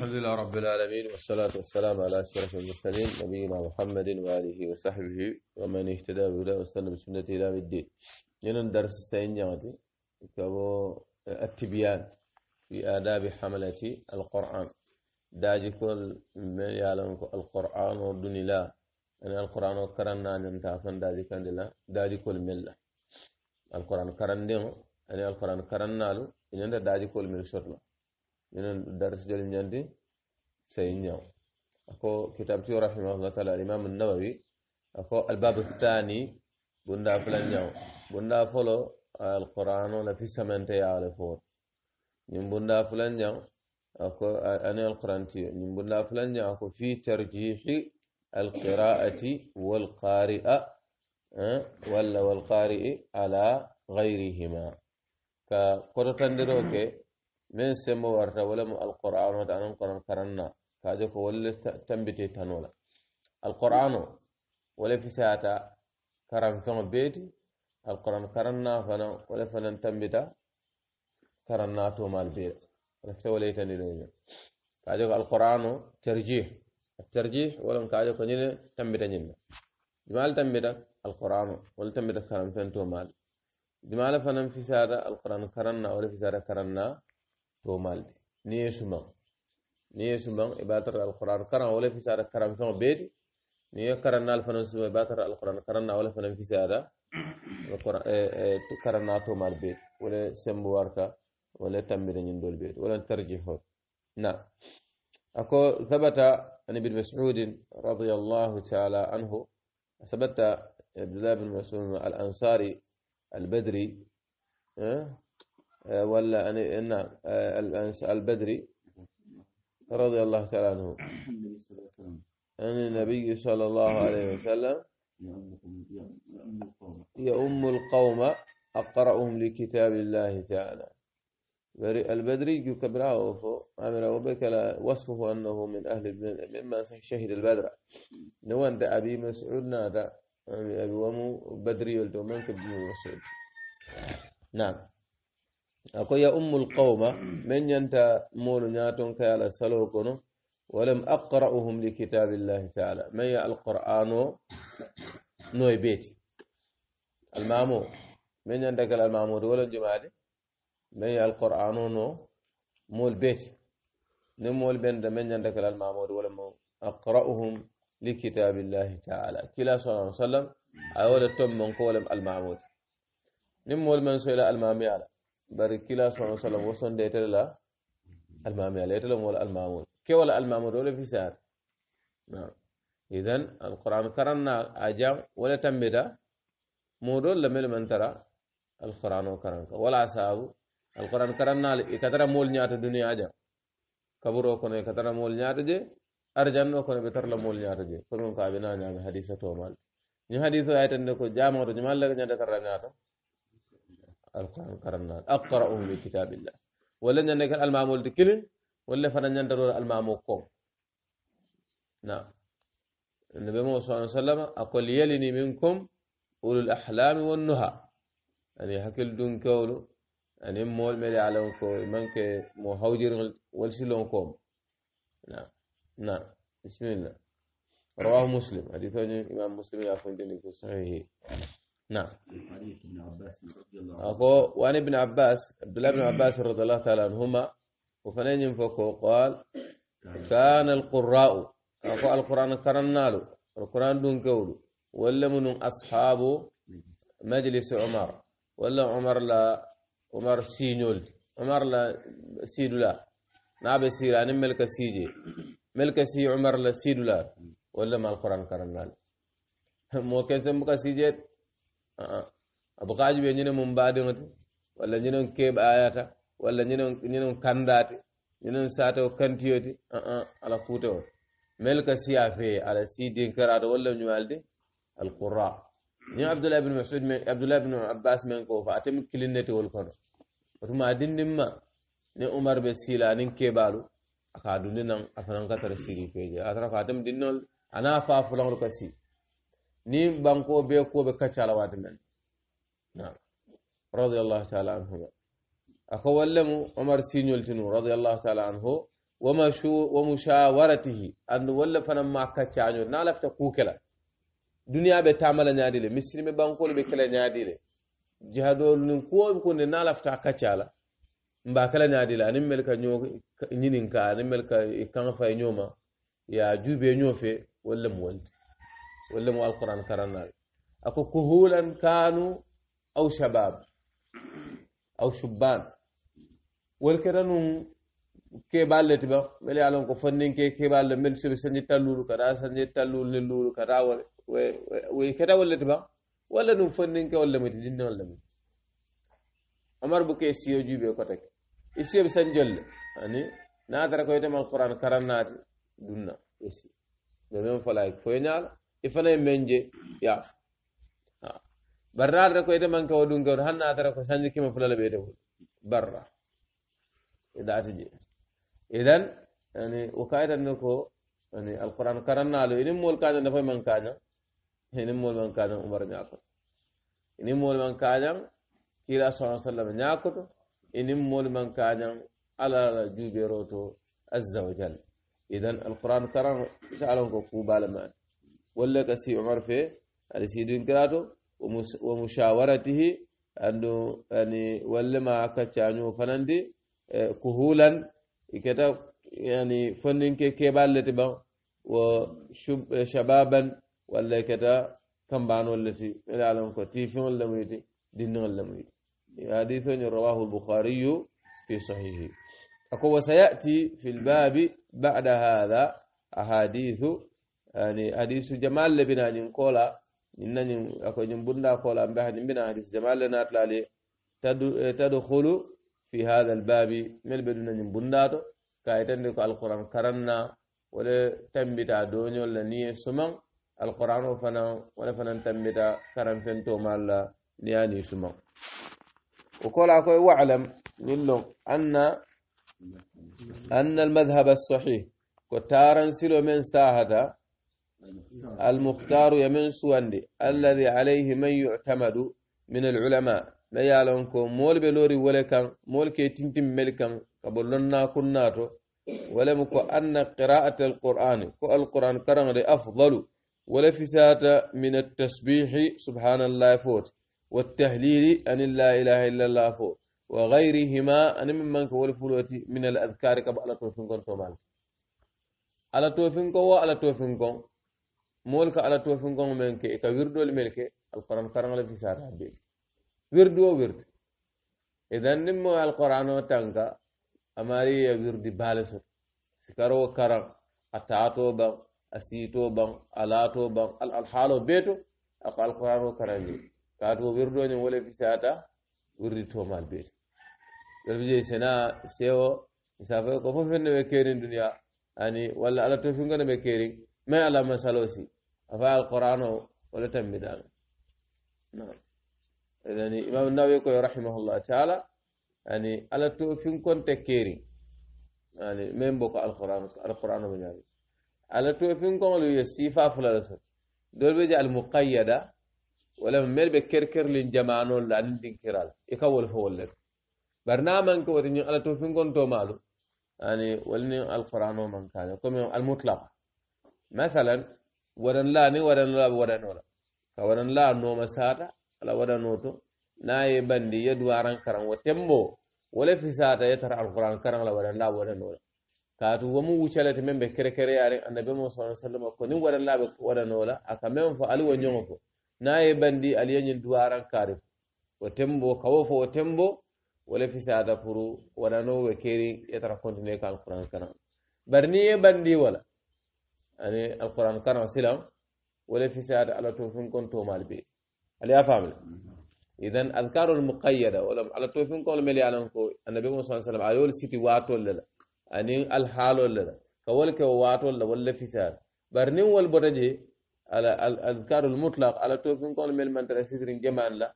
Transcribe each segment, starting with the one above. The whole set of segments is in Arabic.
الحمد لله رب العالمين والصلاة والسلام على أشرف المرسلين نبينا محمد وآله وصحبه ومن اهتدى بهداه واستنى بسنته إلى الدين ينن درس السين جمعتي كابو التبيان في آداب حملة القرآن داجك من يعلم القرآن ودن لا أن القرآن وكرنا نمتعفن داجك لا داجك ملة. القرآن كرن أن القرآن كرنا له إن داجك الملة شرنا من درس جل نياندي سينيو أكو كتابتي رحمه الله تعالى الإمام النووي أكو الباب الثاني بندا فلانيو بندا فلو القرآن ولا في سمنتي على فور نيم بندا فلانيو أكو أنا القرآن تي نيم بندا فلانيو أكو في ترجيح القراءة والقارئة أه؟ ولا والقارئ على غيرهما كقرطان دروكي من سمو ورتا ولم القرآن هذا أنا قرآن كرنا كاجوك ولا تنبتي تنولا القرآن ولا في ساعة كرم كم بيتي القرآن كرنا فنا ولا فنا تنبتا كرنا توما البيت رفتا ولا لهم كذا القرآن ترجيح الترجيح ولم كذا نين تنبتا نين جمال تنبتا القرآن ولا تنبتا كرم فنتو مال جمال فنا في ساعة القرآن كرنا ولا في ساعة كرنا tomaldi ni ye sumaŋ ni ye sumaŋ i be a tara alquran karaŋ wo le fisata karaŋ feŋo beeti ni ye karaŋ naal fanaŋ suma i be a tara alquran karaŋ na wo le fanaŋ fisata karaŋ na tomal beeti wo le sembu warta wo le tambita ñiŋ doolu beeti wo le tarjihol na a ko thabata an ibni masudin radiallahu taala anhu ثبت عبد الله بن مسعود الأنصاري البدري أه؟ آه، ولا نعم البدري رضي الله تعالى عنه أن النبي صلى الله عليه وسلم يؤم القوم أقرأهم لكتاب الله تعالى البدري كبراه عمل بكر وصفه أنه من أهل مما شهد البدر نوان ده أبي مسعود نادى أبي ومو بدري يلدو منك مسعود نعم ako ya ummul qawma men ñanta moolu ñaaton kay ala saloo kono walam aqra'uhum li kitabillahi taala may ya noy beti almamu men ñanta kala almamude wala jumaade may ya alquran o no mool beeti ni mool benda men ñanta kala almamude wala mo aqra'uhum li kitabillahi taala kila sallallahu alaihi wasallam ay wala tom mon ko walam almamude ni mool man so ila almami ala bari kila subhanahu wa ta'ala wo sonde tele la almami ala tele mo almamun ke wala almamu dole fi sar na idan alquran karanna ajam wala tambida mo dole la mel man tara alquran o ka wala sabu alquran karanna ikatara mol nyaata duniya aja kaburo kono ikatara mol nyaata je arjanno kono be tarla mol nyaata je ko non ka be na nyaama hadisa to mal ni hadisa ne ko jamaatu jumal la nyaata tarla nyaata القرآن قرنا من كتاب الله ولن ينكر المعمول دكلن ولا فرن يندر المامو قوم نعم النبي محمد صلى الله عليه وسلم أقول يلني منكم أولو الأحلام والنهى أني يعني هكل دون كولو أني يعني مول ملي على منك مو هوجر ولسلون قوم نعم نعم بسم الله رواه مسلم حديث الإمام مسلم يا أخوان في صحيحه نعم طريق ابن عباس رضي الله عنه أكو وعن ابن عباس عبد الله عباس رضي الله تعالى عنهما وفنين ينفقه قال كان القراء أكو القرآن له القرآن دون قولو ولا من أصحاب مجلس عمر ولا عمر لا عمر سينول عمر لا سيدولا سير انا ملك سيجي ملك سي عمر لا سيدولا ولا ما القرآن له مو كان سمك سيجيت آه، آه. abu kaji be ñinen mum mbaadiŋote walla ñinen keeɓ ayata walla ñinen ñinen kandaate ñinen saate o kantiyote aa ala kuute o mel ka siya feye ala si dinkaraata walla ñuwalde alqura ni abdoulah ibne masud men abdoulah ibne abbas men ko fa atemi kilinnetewol kono otuma dindinma ni umar ɓe siila nin keɓalu aka dundi nan afanan ka tara siri feje atara fa atemi dinnol ana fa fulaŋol ka si ni banko be koɓe kaccala waati men نعم رضي الله تعالى عنهما أخو ولم عمر سينيول تنو رضي الله تعالى عنه وما شو ومشاورته أن ولا فنما كتشانو نالفت كوكلا دنيا بتعمل ناديلة مسلم بانكول بكلا ناديلة jihadolu nin kuwo kunde na lafta kaccala mba kala ñaadila anin mel ka ño ñinin ka anin mel ka kaŋa fay ñoma ya juube ño fe walla mu wolde walla mu alquran karannaɓe ako kuhulan kanu أو شباب أو شبان والكرنو keɓalle tiba mbele alon ko fanninke keɓalle mbel soɓe sañi tallulu kata sañi tallulu lellulu kata woy keta walle tiba walla ɗum fanninke walle miti dinne walle miti amar bo ke siyo juuɓe kotek i siyoɓe sañ jolle ani natara koyetem alquran karan naati dunna esi ɓe men falay foye ñaala i fana e men je yaafo برار ركو إذا من كو دون كور هن أترى كو سانجي كم فلالة بيته برا إذا أتجي إذن يعني وكايدا نكو يعني القرآن كرنا له إن مول كان نفهم من كان إن مول من كان عمر نعكر إن مول من كان كلا صلى الله عليه وسلم نعكر إن مول من كان على جوبيروتو عز إذن القرآن كرم سألهم كوبا لمان ولا كسي عمر في على كراتو ومشاورته أنه يعني ولما كتشانيو فنندي آه، كهولا كتاب يعني فنن كيبال لتبا وشبابا ولا كتا كمبان والتي العالم كتيفي ولا ميتي دين ولا ميتي حديث رواه البخاري في صحيحه أكو وسيأتي في الباب بعد هذا أحاديث يعني حديث جمال لبنان قولا إنني أكوجن بندا قولا بها بنا حديث جمال لنا تلالي تدخل في هذا الباب مل بدون نين بنداتو كايتن كو القرآن كرنا ولا تنبتا دونيو لني سمم القرآن فنا ولا فنا تنبتا كرن فنتو مال نياني سمم وقول أكو واعلم نلون أن أن المذهب الصحيح كتارن سلو من ساهدا المختار يمن سواندي الذي عليه من يعتمد من العلماء ما يالونكو مول بلوري ولا مول كي تنتم ملكان قبلنا كناتو ولمكو أن قراءة القرآن كو القرآن كرم أفضل ولفسات من التسبيح سبحان الله فوت والتهليل أن لا إله إلا الله فوت وغيرهما أن ممن كول من الأذكار على توفنكم تومال على توفنكم وعلى توفنكم moolu ka ala toofinkoŋo meŋ ke i ka wirdoolu melu ke alquran karaŋo le fisaata a bee wirdu wo wirdu idan niŋ mo alqurano tanka amaari ye wirdi baale soto sikaroo karaŋ a taatoo baŋ a siitoo baŋ a laatoo baŋ al alhaaloo bee to a ko alqurano karandi kaatu wo wirdoo ñiŋ wo le fisaata wirdi toomaal bee to wolu bi jee sena sewo misafo ko fo fenne be keeriŋ duniyaa ani walla ala toofinko ne be keeriŋ mais ala masaloo si أفاء القرآن ولتم بذلك نعم إذن إمام النووي يقول رحمه الله تعالى يعني ألا تؤفن كنت كيري يعني من بقى القرآن القرآن بجانب ألا تؤفن كنت لو يسيفا فلا رسول دول بجاء المقيدة ولم مر بكركر لنجمعنا لأن دين كرال إكوال فول برنامج كو تنين ألا تؤفن كنت مالو يعني ولن القرآن من كان كم المطلق مثلا waran laani waran la waranora ka waran la nooma saata ala waranoto naye bandi yaduwaran karan wo tembo wala fisata yetara alquran karan la waran la waranora kaatu womu wucalete men ɓe kere kereyaren annabi mo sa sallam ko nin waran laɓe waranola aka men fo ali wo ñogo ko naye bandi aliyañin duwaran kaari wo tembo kawo fo wo tembo wala fisata pour waranowe keri yetara continue ka alquran karan bari ni ye bandi wala يعني القرآن كان سلام ولا في ساعة على توفين كنتو مال بي هل افهم إذا أذكار المقيدة ولا على توفين كون ملي على النبي محمد صلى الله عليه وسلم أيول سيتي واتول لا أني يعني الحال ولا كولك واتو للا ولا في ساعة برنين والبرجي على الأذكار المطلق على توفين كون مل من ترسيدرين جمان لا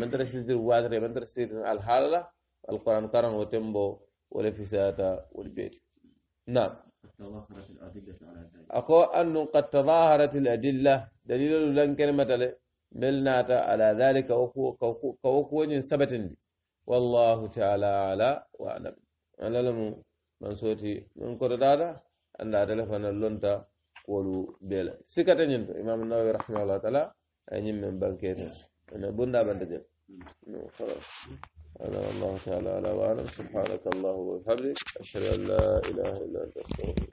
من ترسيدر واتر من ترسيدر الحال لا القرآن كان وتمبو ولا في ساعة والبيت نعم تظاهرت الأدلة على ذلك أقول أن قد تظاهرت الأدلة دليل لن كلمة بلنا على ذلك كوكو سبت والله تعالى على وأعلم أنا لم من صوتي من هذا أن لا تلفن اللونتا قولوا بلا سكتن إمام النووي رحمه الله تعالى أي من بنكيتنا أنا بندا بندجل خلاص انا والله تعالى على وأعلم سبحانك الله وبحمدك أشهد أن لا إله إلا أنت أستغفرك